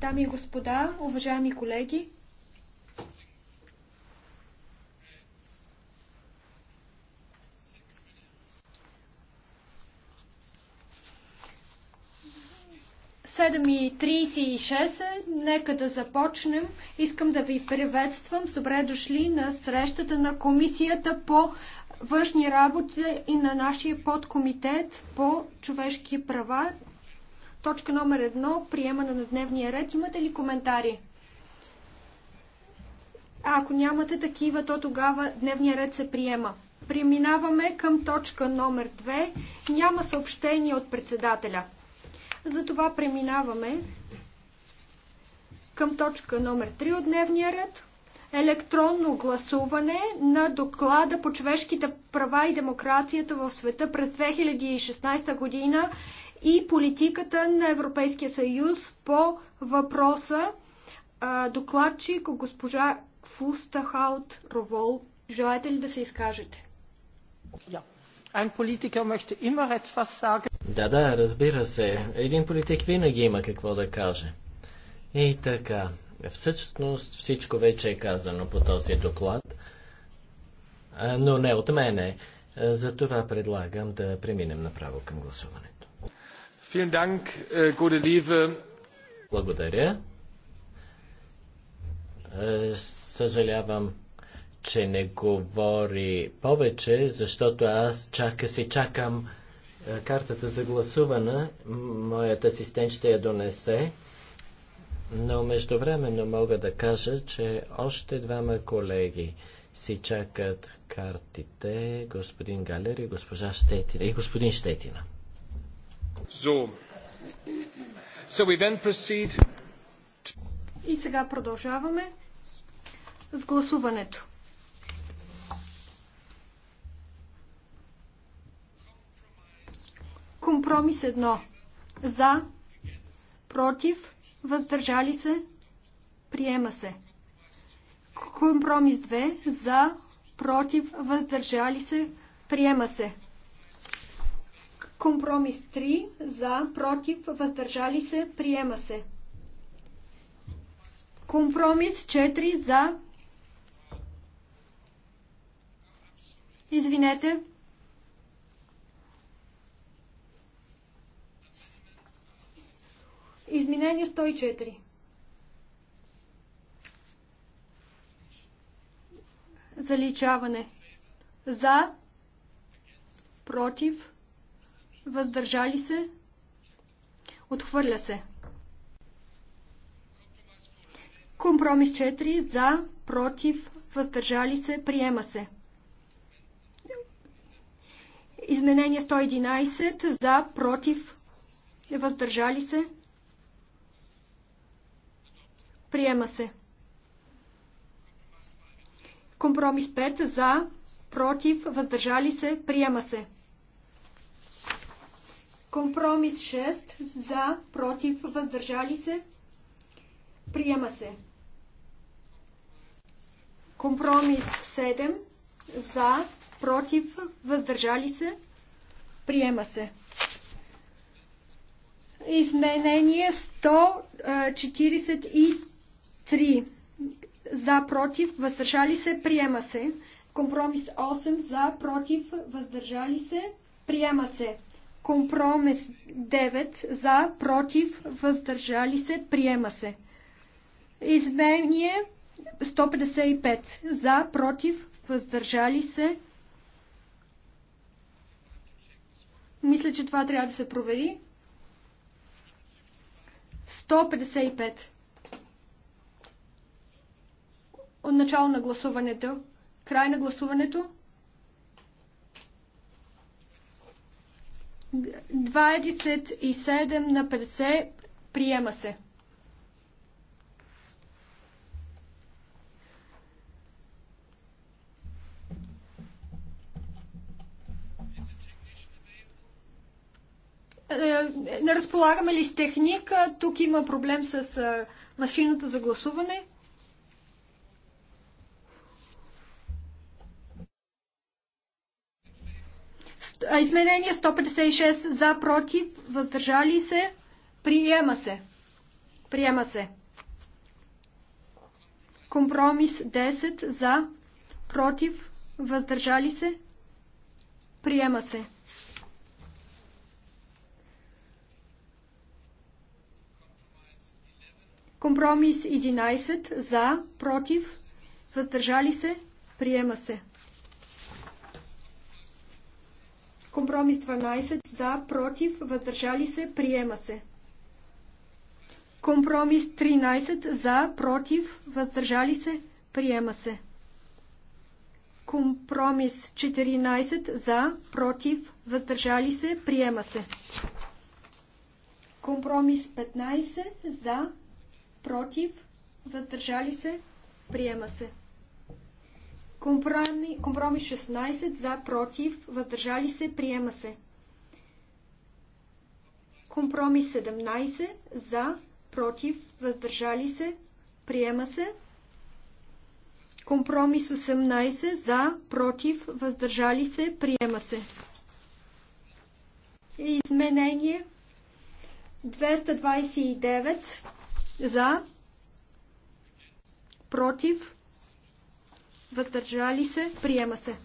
Дами и господа, уважаеми колеги, Седем и 36 е. Нека да започнем. Искам да ви приветствам. С добре дошли на срещата на Комисията по външни работи и на нашия подкомитет по човешки права, Точка номер едно, приемане на дневния ред. Имате ли коментари? А ако нямате такива, то тогава дневния ред се приема. Преминаваме към точка номер 2. Няма съобщение от председателя. Затова преминаваме към точка номер 3 от дневния ред. Електронно гласуване на доклада по човешките права и демокрацията в света през 2016 година и политиката на Европейския съюз по въпроса докладчик госпожа Фустахаут Ровол. Желаете ли да се изкажете? Yeah. Ein Politiker möchte immer etwas sagen. Да, да, разбира се. Един политик винаги има какво да каже. И така, всъщност всичко вече е казано по този доклад, но не от мене. Затова предлагам да преминем направо към гласуване. Äh, Благодаря. Е, съжалявам, че не говори повече, защото аз чака си чакам е, картата за гласуване. Моят асистент ще я донесе. Но междувременно мога да кажа, че още двама колеги си чакат картите, господин Галер и госпожа Штетина и господин Штетина. So. So we then proceed. И сега продължаваме с гласуването. Компромис едно. За, против, въздържали се, приема се. Компромис две. За, против, въздържали се, приема се. Компромис 3 за, против, въздържали се, приема се. Компромис 4 за. Извинете. Изменение 104. Заличаване. За. Против въздържали се, отхвърля се. Компромис 4 за, против, въздържали се, приема се. Изменение 111 за, против, въздържали се, приема се. Компромис 5 за, против, въздържали се, приема се. Компромис 6 за, против, въздържали се, приема се. Компромис 7 за, против, въздържали се, приема се. Изменение 143 за, против, въздържали се, приема се. Компромис 8 за, против, въздържали се, приема се. Компромис 9 за, против, въздържали се, приема се. Измение 155 за, против, въздържали се. Мисля, че това трябва да се провери. 155. От начало на гласуването. Край на гласуването. 27 на 50 приема се. Е, е, не разполагаме ли с техника? Тук има проблем с е, машината за гласуване. Изменение 156 за, против, въздържали се, приема се. Приема се. Компромис 10 за, против, въздържали се, приема се. Компромис 11 за, против, въздържали се, приема се. Компромис 12 за, против, въздържали се, приема се. Компромис 13 за, против, въздържали се, приема се. Компромис 14 за, против, въздържали се, приема се. Компромис 15 за, против, въздържали се, приема се. Компромис, 16 за, против, въздържали се, приема се. Компромис 17 за, против, въздържали се, приема се. Компромис 18 за, против, въздържали се, приема се. Изменение 229 за, против, въздържали се, приема се.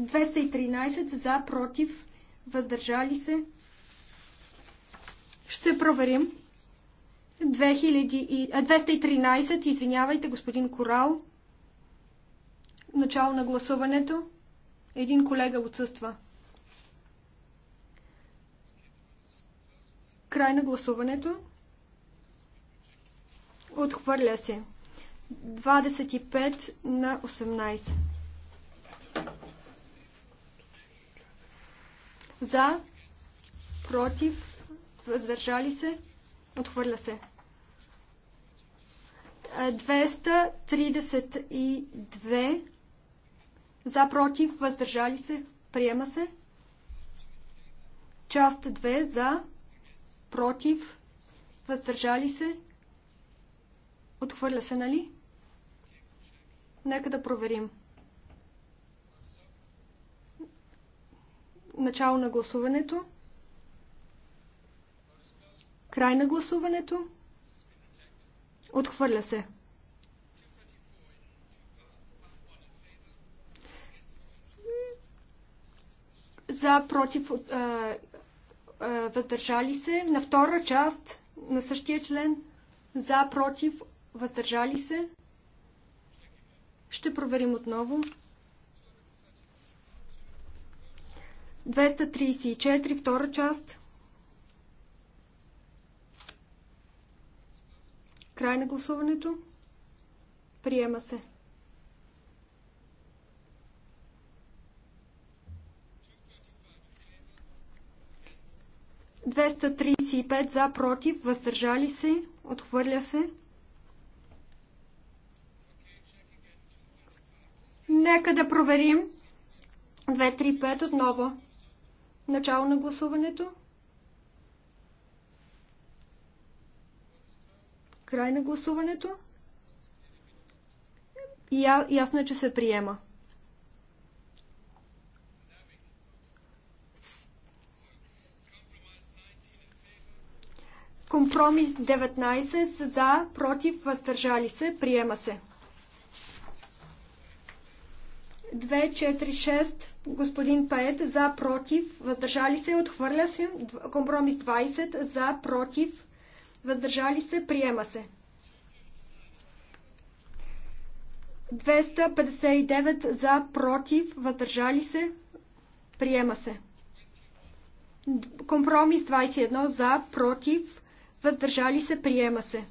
213 е, е, за, против, въздържали се. Ще проверим. 213, е, извинявайте, господин Корал. Начало на гласуването. Един колега отсъства. Край на гласуването. Отхвърля се. 25 на 18. За, против, въздържали се, отхвърля се. 232 за, против, въздържали се, приема се. Част 2 за, против, въздържали се, Отхвърля се, нали? Нека да проверим. Начало на гласуването. Край на гласуването. Отхвърля се. За, против, въздържали се. На втора част на същия член. За, против, Въздържали се? Ще проверим отново. 234, втора част. Край на гласуването. Приема се. 235 за, против, въздържали се, отхвърля се. Нека да проверим. 2-3-5 отново. Начало на гласуването. Край на гласуването. Я, ясно е, че се приема. Компромис 19 за, против, въздържали се, приема се. 246, господин Пает, за, против, въздържали се, отхвърля се. Компромис 20, за, против, въздържали се, приема се. 259 за, против, въздържали се, приема се. Компромис 21 за, против, въздържали се, приема се.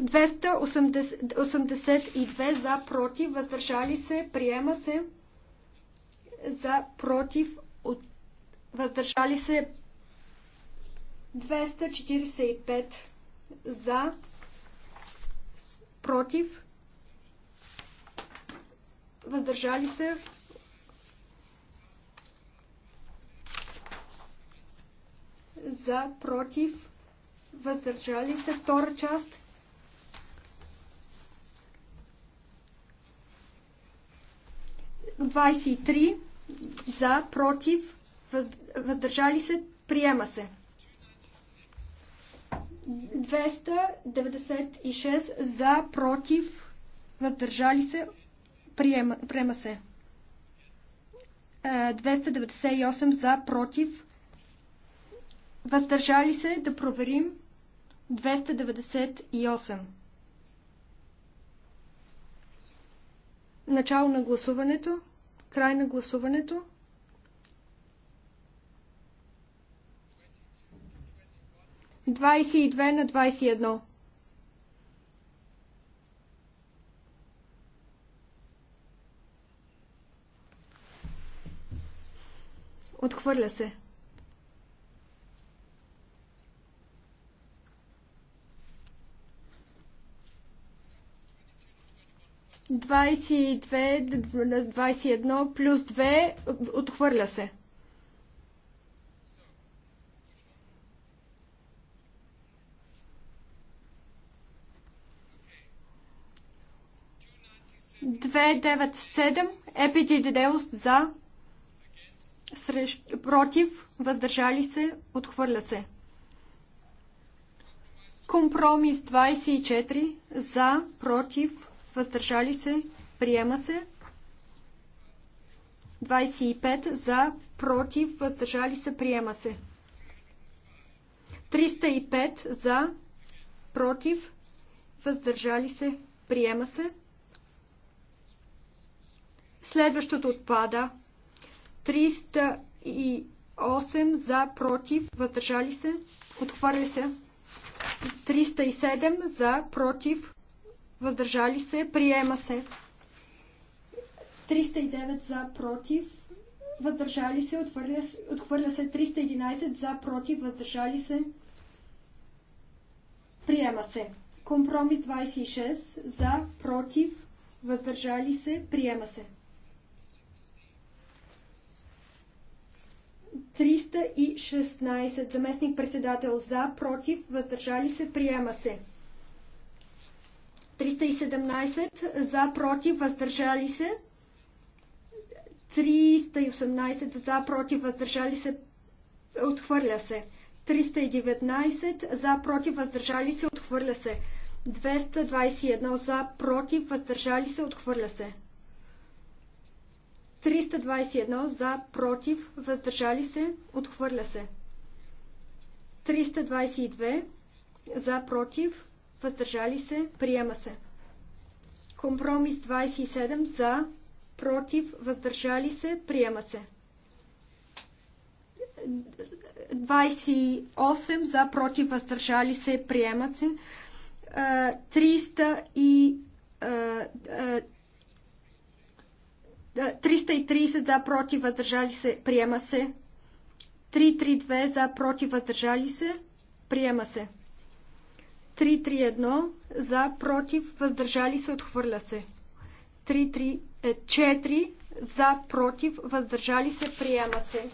282 за против, въздържали се, приема се за против, от, въздържали се 245 за против, въздържали се за против, въздържали се втора част 23 за, против, въздържали се, приема се. 296 за, против, въздържали се, приема, приема се. 298 е, за, против, въздържали се, да проверим 298. Начало на гласуването край на гласуването. Двадесет и две на двадесет и едно. Отхвърля се. 22, 21 плюс 2 отхвърля се. Две, девет, седем. Епидидеус за. Срещ, против. Въздържали се. Отхвърля се. Компромис 24 за. Против въздържали се, приема се. 25 за, против, въздържали се, приема се. 305 за, против, въздържали се, приема се. Следващото отпада. 308 за, против, въздържали се, отхвърли се. 307 за, против, въздържали се, приема се. 309 за, против, въздържали се, отхвърля, отхвърля се 311 за, против, въздържали се, приема се. Компромис 26 за, против, въздържали се, приема се. 316 заместник председател за, против, въздържали се, приема се. 317 за, против, въздържали се. 318 за, против, въздържали се. Отхвърля се. 319 за, против, въздържали се. Отхвърля се. 221 за, против, въздържали се. Отхвърля се. 321 за, против, въздържали се. Отхвърля се. 322 за, против, въздържали се, приема се. Компромис 27 за, против, въздържали се, приема се. 28 за, против, въздържали се, приема се. 300 и 330 за, против, въздържали се, приема се. 332 за, против, въздържали се, приема се. 331 за, против, въздържали се, отхвърля се. 334 за, против, въздържали се, приема се.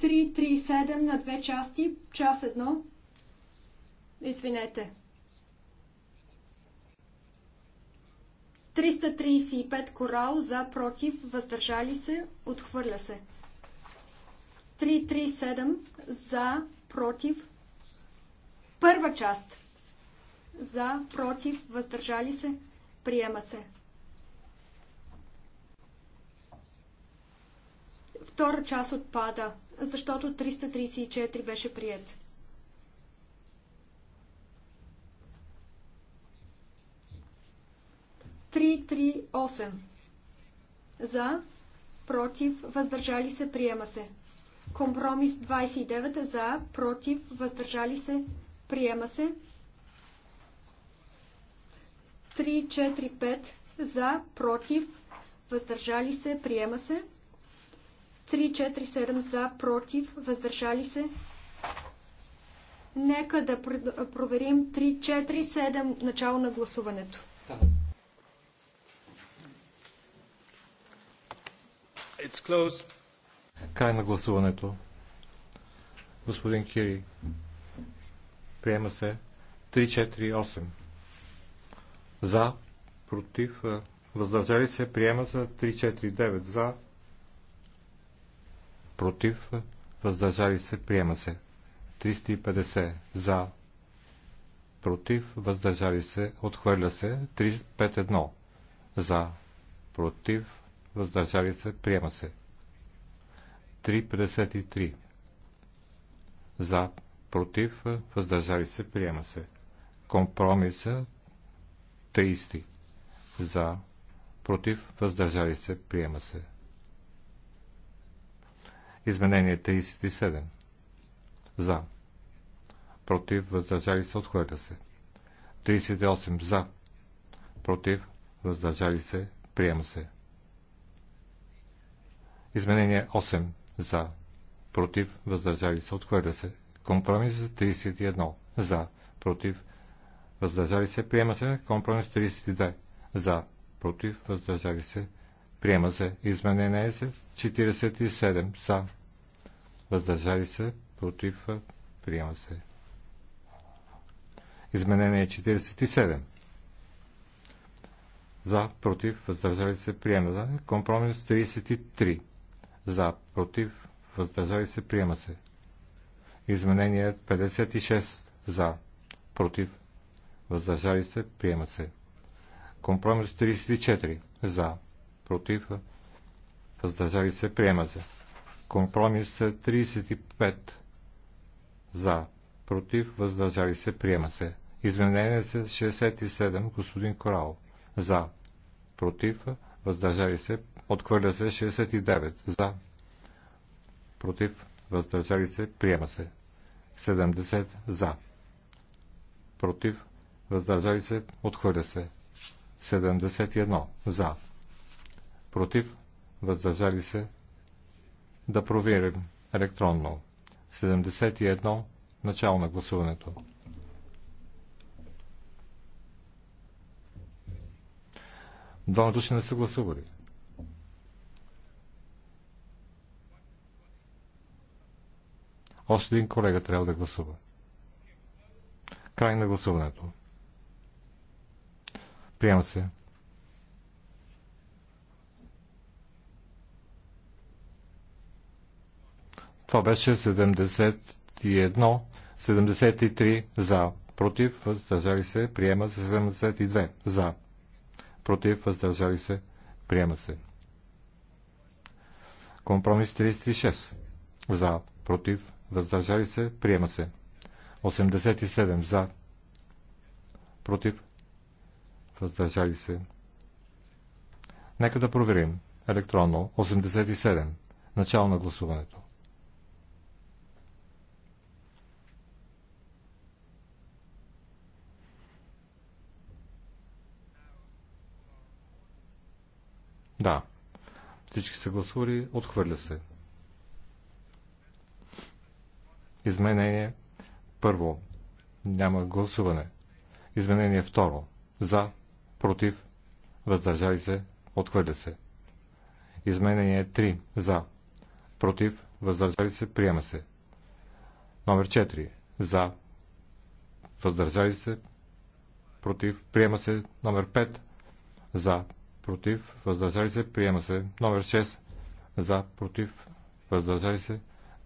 337 на две части, част 1. Извинете. 335 корал за, против, въздържали се, отхвърля се. 337 за, против, Първа част. За, против, въздържали се, приема се. Втора част отпада, защото 334 беше прият. Три, три, осем. За, против, въздържали се, приема се. Компромис 29 за, против, въздържали се, Приема се. 3, 4, 5 за, против, въздържали се, приема се. 3, 4, 7 за, против, въздържали се. Нека да проверим 3, 4, 7 начало на гласуването. Край на гласуването. Господин Кири приема се 3-4-8. Е, е, За, против, въздържали се, приема се 3-4-9. За, против, въздържали се, приема се 350. За, против, въздържали се, отхвърля се 3-5-1. За, против, въздържали се, приема се 353. За, против, въздържали се, приема се. Компромиса 30 за, против, въздържали се, приема се. Изменение 37 за, против, въздържали се, отхвърля се. 38 за, против, въздържали се, приема се. Изменение 8 за, против, въздържали се, отхвърля се. Компромис 31 за, против, въздържали се, приема се. Компромис 32 за, против, въздържали се, приема се. Изменение е се 47 за, въздържали се, против, приема се. Изменение 47 е за, против, въздържали се, приема се. Компромис 33 за, против, въздържали се, приема се. Изменение 56 за, против, въздържали се, приема се. Компромис 34 за, против, въздържали се, приема се. Компромис 35 за, против, въздържали се, приема се. Изменение 67, господин Корал. За, против, въздържали се, отхвърля се 69. За, против, въздържали се, приема се. 70 за, против, въздържали се, отхвърля се. 71 за, против, въздържали се, да проверим електронно. 71 начало на гласуването. Два души не са гласували. Още един колега трябва да гласува. Край на гласуването. Приема се. Това беше 71, 73 за, против, въздържали се, приема се 72 за, против, въздържали се, приема се. Компромис 36 за, против, въздържали се, приема се. 87 за, против, въздържали се. Нека да проверим електронно 87, начало на гласуването. Да. Всички са гласували, отхвърля се. Изменение първо. Няма гласуване. Изменение второ. За, против, въздържали се, отхвърля се. Изменение 3. За. Против, въздържали се, приема се. Номер 4. За. Въздържали се, против, приема се. Номер 5. За. Против, въздържали се, приема се. Номер 6. За. Против, въздържали се.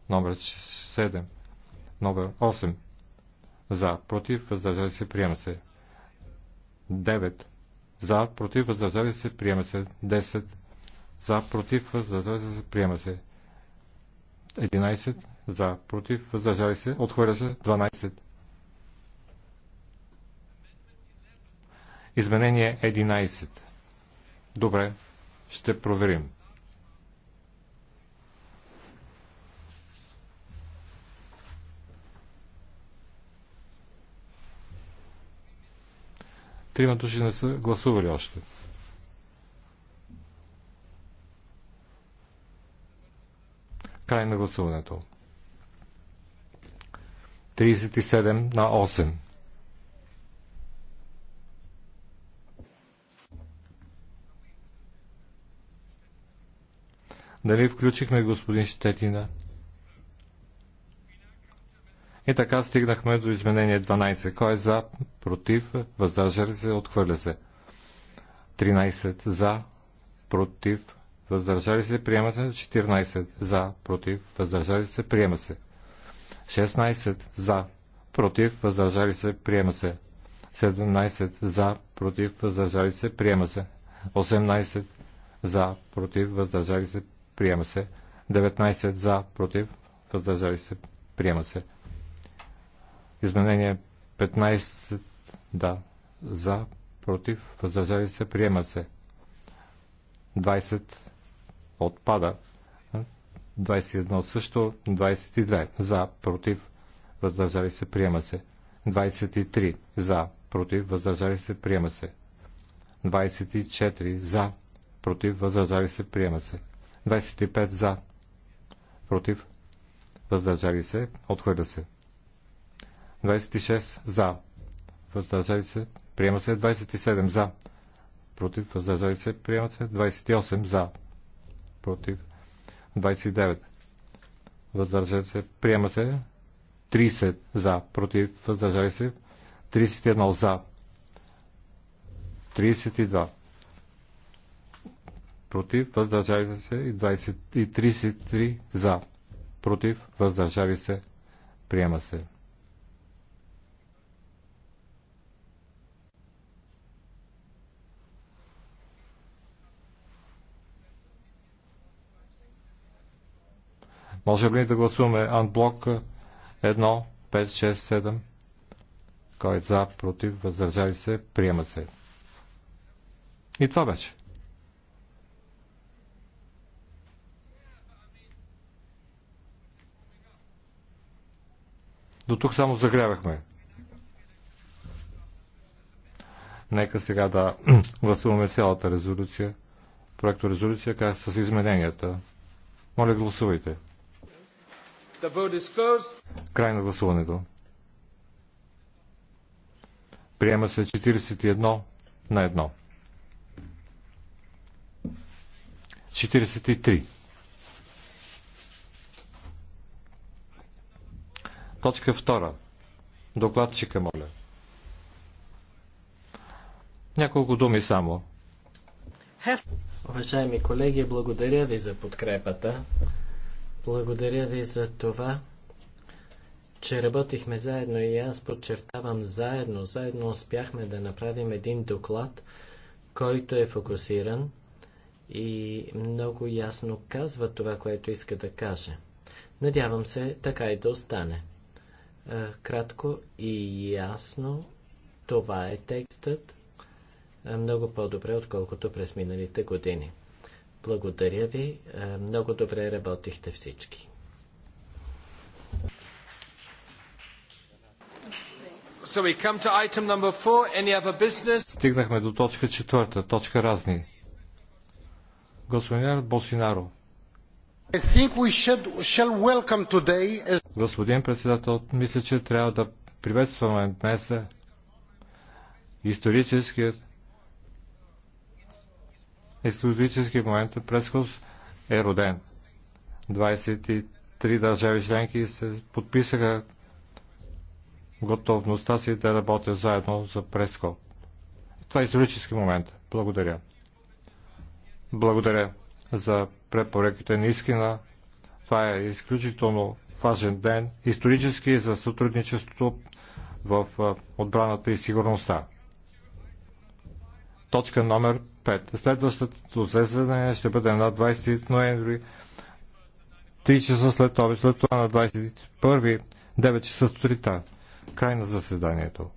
Номер 7 номер 8. За, против, въздържали се, приема се. 9. За, против, въздържали се, приема се. 10. За, против, въздържали се, приема се. 11. За, против, въздържали се, отхвърля се. 12. Изменение 11. Добре, ще проверим. Трима души не са гласували още. Край на гласуването. 37 на 8. Дали включихме господин Щетина? И така стигнахме до изменение 12. Кой е за, против, въздържали се, отхвърля се. 13 за, против, въздържали се, приема се. 14 за, против, въздържали се, приема се. 16 за, против, въздържали се, приема се. 17 за, против, въздържали се, приема се. 18 за, против, въздържали се, приема се. 19 за, против, въздържали се, приема се. Изменение 15, да, за, против, въздържали се, приема се. 20 отпада. 21 също, 22 за, против, въздържали се, приема се. 23 за, против, въздържали се, приема се. 24 за, против, въздържали се, приема се. 25 за, против, въздържали се, отхвърля се. 26 за. Въздържали се. Приема се 27 за. Против. Въздържали се. Приема се 28 за. Против. 29. Въздържали се. Приема се 30 за. Против. Въздържали се. 31 за. 32 против, въздържали се и, 20, и 33 за, против, въздържали се, приема се. Може ли да гласуваме анблок 1, 5, 6, 7? Кой е за, против, въздържали се, приема се. И това беше. До тук само загрявахме. Нека сега да гласуваме цялата резолюция, проекто резолюция, как с измененията. Моля, гласувайте. Край на гласуването. Приема се 41 на 1. 43. Точка 2. Докладчика, моля. Няколко думи само. Уважаеми колеги, благодаря ви за подкрепата. Благодаря ви за това, че работихме заедно и аз подчертавам заедно. Заедно успяхме да направим един доклад, който е фокусиран и много ясно казва това, което иска да каже. Надявам се така и да остане. Е, кратко и ясно, това е текстът е, много по-добре, отколкото през миналите години. Благодаря ви. Е, много добре работихте всички. So we come to item number four, any other business? Стигнахме до точка четвърта, точка разни. Господин Босинаро. I think we should, shall welcome today... Господин председател, мисля, че трябва да приветстваме днес историческият исторически момент е Прескос е роден. 23 държави членки се подписаха готовността си да работят заедно за Преско. Това е исторически момент. Благодаря. Благодаря за препоръките. Наистина, това е изключително важен ден, исторически за сътрудничеството в отбраната и сигурността. Точка номер 5. Следващото заседание ще бъде на 20 ноември 3 часа след обед, след това на 21 9 часа сутринта. Край на заседанието.